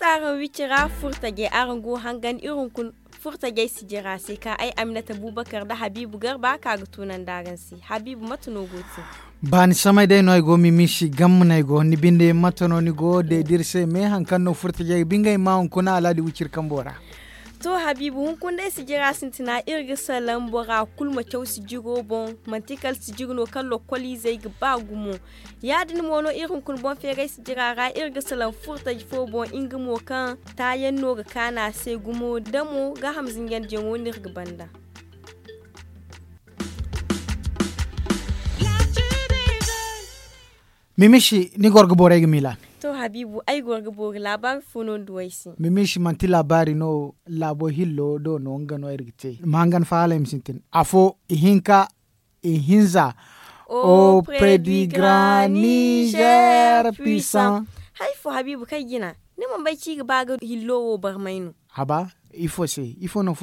matsarin wikira furtage arango hangan irin kun furtage su jira sai ka ai aminata bubakar da habibu garba ka ga tunan dagan si habibu matuno goti bani sama dai noy go mi mishi gam nay go ni binde matono ni go de mm. dirse me hankan no furtage bingai ma kuna aladi wikir kambora to habibu kun dai sigira sintina salam lambora kulma kyau su jigo bon mantikal su no kan lokoli zai gba gumo ya din mono irin kun bon fegai jira jirara irgisa salam furta fo bon ingimo kan tayen no ga kana sai gumo damo ga hamzin yan jengo nirga banda mimishi ni gorgo boregi milani habibu ay gorgo bogi funon duwaisi mi no labo hillo do no ngano mangan falem sintin afo ihinka ihinza auprès predi grand Niger puissant. Hay fo habibu kai gina, ne bai ci Haba, ifo se, ifo no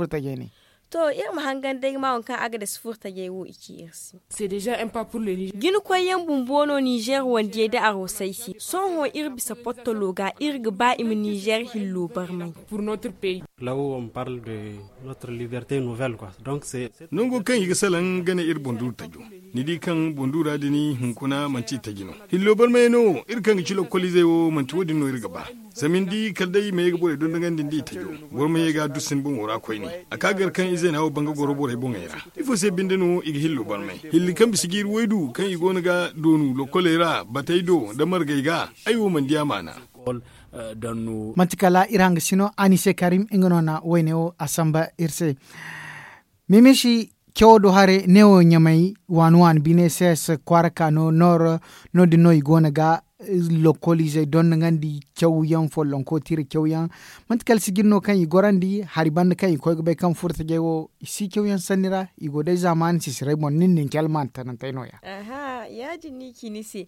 to irin hangan dai ma wankan aga da ta ya wo iki irsi. C'est déjà un pas pour le Niger. Gini kwayen bumbono Niger wanda ya da a rosaisi. Son ho irbi bisa potto loga ba ba im Niger hillo barmai. Pour notre pays. là où on parle de notre liberté nouvelle quoi donc c'est nungu kan yiga salan gane ir bundur tajo ni di kan bundura dini hunkuna manci tagino hillo bar mai no ir kan gici lokolize wo manci wodi no ir gaba. zamin di kaldai mai ga bore don dangan din di tajo wor mai ga dusin bun wora koi ne akagar kan ize nawo banga goro bore bun era ifo se bindinu i hillo bar mai hilli kan bisigir waidu kan igo ga donu lokolera do da ga ayu mandiya mana l'école euh, dans nos. Mantikala Irang, sinon Anise Karim Ingonona Weneo Asamba Irse. Mimishi kewɗo hare newo ñamayi wanuwan bine ss kwaraka no nor nodde noyi gona ga eh, don donno gandi kyauyan follon ko tiri kyauyan mantikal sigirno kan i gorandi haribandi kan i be kan furta jego si kyauyan sanira i godai zaman si sirai mon nin nin kelman tanantaino ya aha ya ki kini se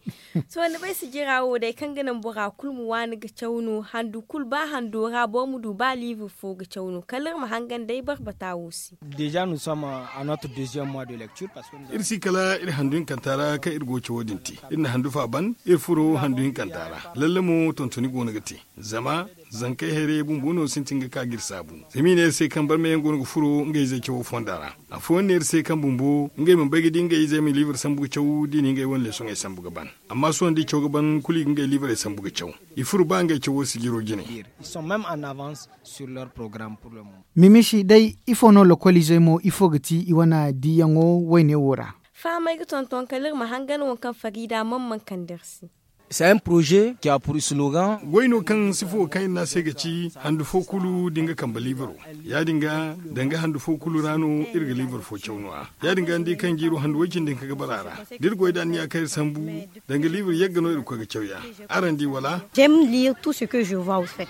so ne bai si girawo dai kan ganan bura kulmu wani ga cewnu handu kul ba handu ra bo mu du ba live fo ga cewnu kalar mu hangan dai bar bata wusi deja nous sommes à notre deuxième mois de lecture parce que irsi kala ir kan kantara ka ir goce wodinti irna handu fa ban ir furo kan kantara lalle mu tontoni go ti zama zankai here bun bono ka gir sabu zamine sai kan bar me go furo ngai zai kewo fondara a fonner sai kan bumbo ngai mun bagi dinga yi zai mi liver sambu cewu dini ngai won leson ai sambu gaban amma so ndi cewu gaban kuli ngai liver ai sambu cewu i furu ba ngai si sigiro gine ils sont même en avance sur leur programme pour le moment mimishi dai ifono lokolize mo ifogati iwana diyango wayne wora fa mai tonton kalir mahangan wankan farida mamman kandarsi C'est un projet qui a pour slogan Goyno kan sifo kai na sai gaci handu fokulu dinga kan balibaro. Ya dinga danga handu fokulu rano irga libar fo kyaunuwa. Ya dinga ndi kan giro handu wakin dinga ga barara. Dirgo idan ya kai sambu danga libar yagga no irko ga kyauya. Arandi wala. J'aime lire tout ce que je vois au fait.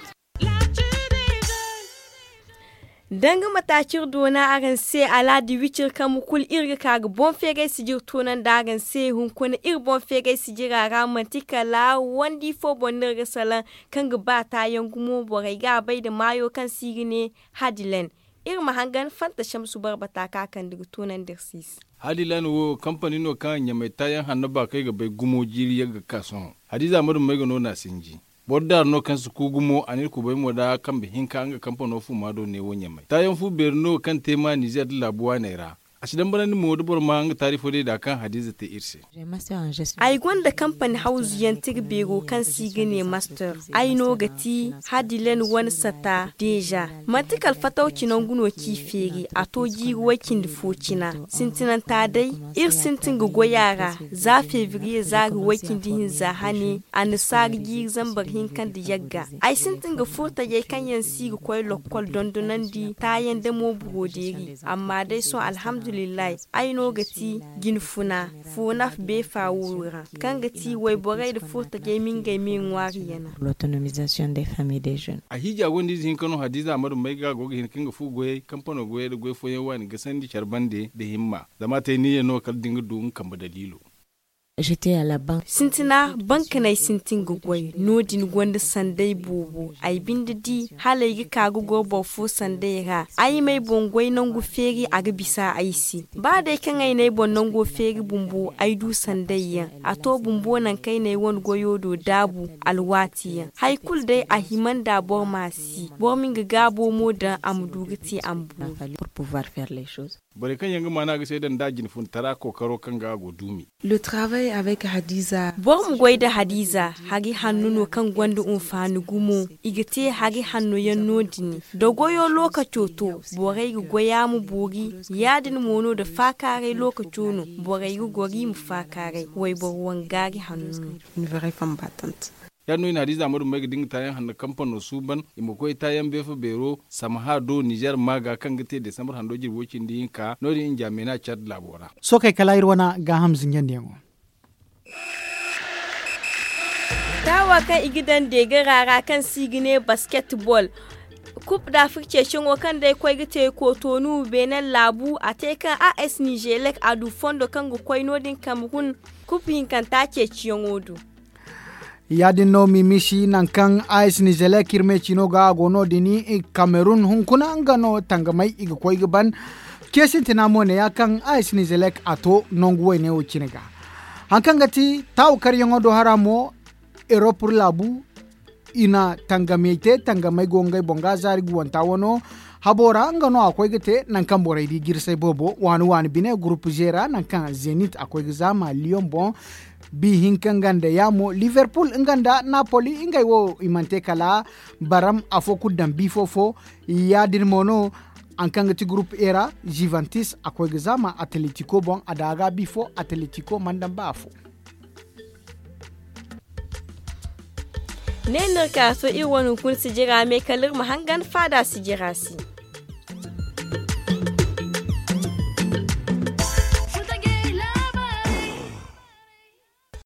danga matakir dona aran se ala di wicir kamu kul irga kaga bon fegai sijir tonan dagan se hun kuna ir bon fegai sijira ramantika la wandi fo bon nirga salan kanga ba ta yangumo borai ga bai da mayo kan sigine hadilen ir mahangan fanta shamsu barbata kakan daga da dirsis hadilan wo kamfani no kan nyamai tayan hannu ba kai ga bai gumo jiri yaga kason hadiza madu mai na sinji bordarno kan su kugumo ani kubai mo da kan bihin ka ga kamfano fu mado ne wonya mai tayan fu berno kan tema niger labuwa naira acidan baranin mu da burma nga tarifo de da kan hadiza ta irse ai gwanda kamfani hausu yantir bego kan sigine master ai no gati hadilen wani sata deja matikal fatauci nan guno ki fere a to gi wakin da focina sintinan ta dai ir sintin ga goyara za fevriye za ga wakin dihin za hane a nisar gi zambar hin da yagga ai sintin ga furta ya kan yan si ga dondonan di tayan damo bugoderi amma dai so alhamdulillah alhamdulillah aino gati gin funa funaf be fa wura kan gati wai bore da furta ke min ga min wari yana l'autonomisation des familles des jeunes a hija gondi zin kanu hadiza amadu mai ga gogi hin kinga fu goye kampano goye da goye foyen wani ga sandi charbande da himma zama ta niye no kal dinga dun kan dalilo jete a la ban. Sintina banka na sintin gugwai nodin gwanda sandai bubu ai bindi di yi ka gugwa bafo sandai ha ai mai bongwai nan gu feri bisa aisi ba dai kan ai bon nan gu bumbu a yi du sandai yan a to bumbu nan kai yi wani goyo do dabu alwati yan Haikul dai a himan da bo masi bomin min bomo da gati ambu bari kan Le travail avec Hadiza. Bor mu da Hadiza hagi hannu no kan gwandu umfani gumo igite hagi hannu yan nodini. Da goyo lokacho to borai gu goya mu bogi yadin mono da fakare lokacho no borai gu gori mu fakare wai wanga gi hannu. Une vraie femme battante. ya hadi za mu mai ta tayan hannu kamfano su ban imakoi tayan befa bero samha do niger maga kan gite da samar hando jirwokin din ka nori in jamina chat labora so kai kala irwana ga hamzin yan yango tawa kan igidan ga rara kan sigine basketball coupe d'afrique cecin wakan da kwai gite kotonu benin labu a tekan as nigelec a dufon da kan gukwai nodin cameroon coupe hinkan ta ce ciyon odu yaadinno mimishi nankan ais nijele kirme chino ga go no dini cameroon hunkuna angano tangamai iga kwa iga ban kesintina mone yakan ais nijelek ato nonguwe ne uchinega hankangati kar kariyango do haramo eropur labu ina tangamiyai te tangamai gongai bonga zari habora wono no ngano akoyga te borai di girse bobo wani wani bine groupe gera nankan zenit akoyga zama lyon bon bi hinka nganda yamo liverpool nganda napoli ingai wo imante kala baram afoku kuddan bi fofo yadin mono ankanga ti groupe era juventus akoyga zama atletico bon adaga bifo atletico mandamba afo nenir kasu so kun jira mai kalir mahangan fada su jira si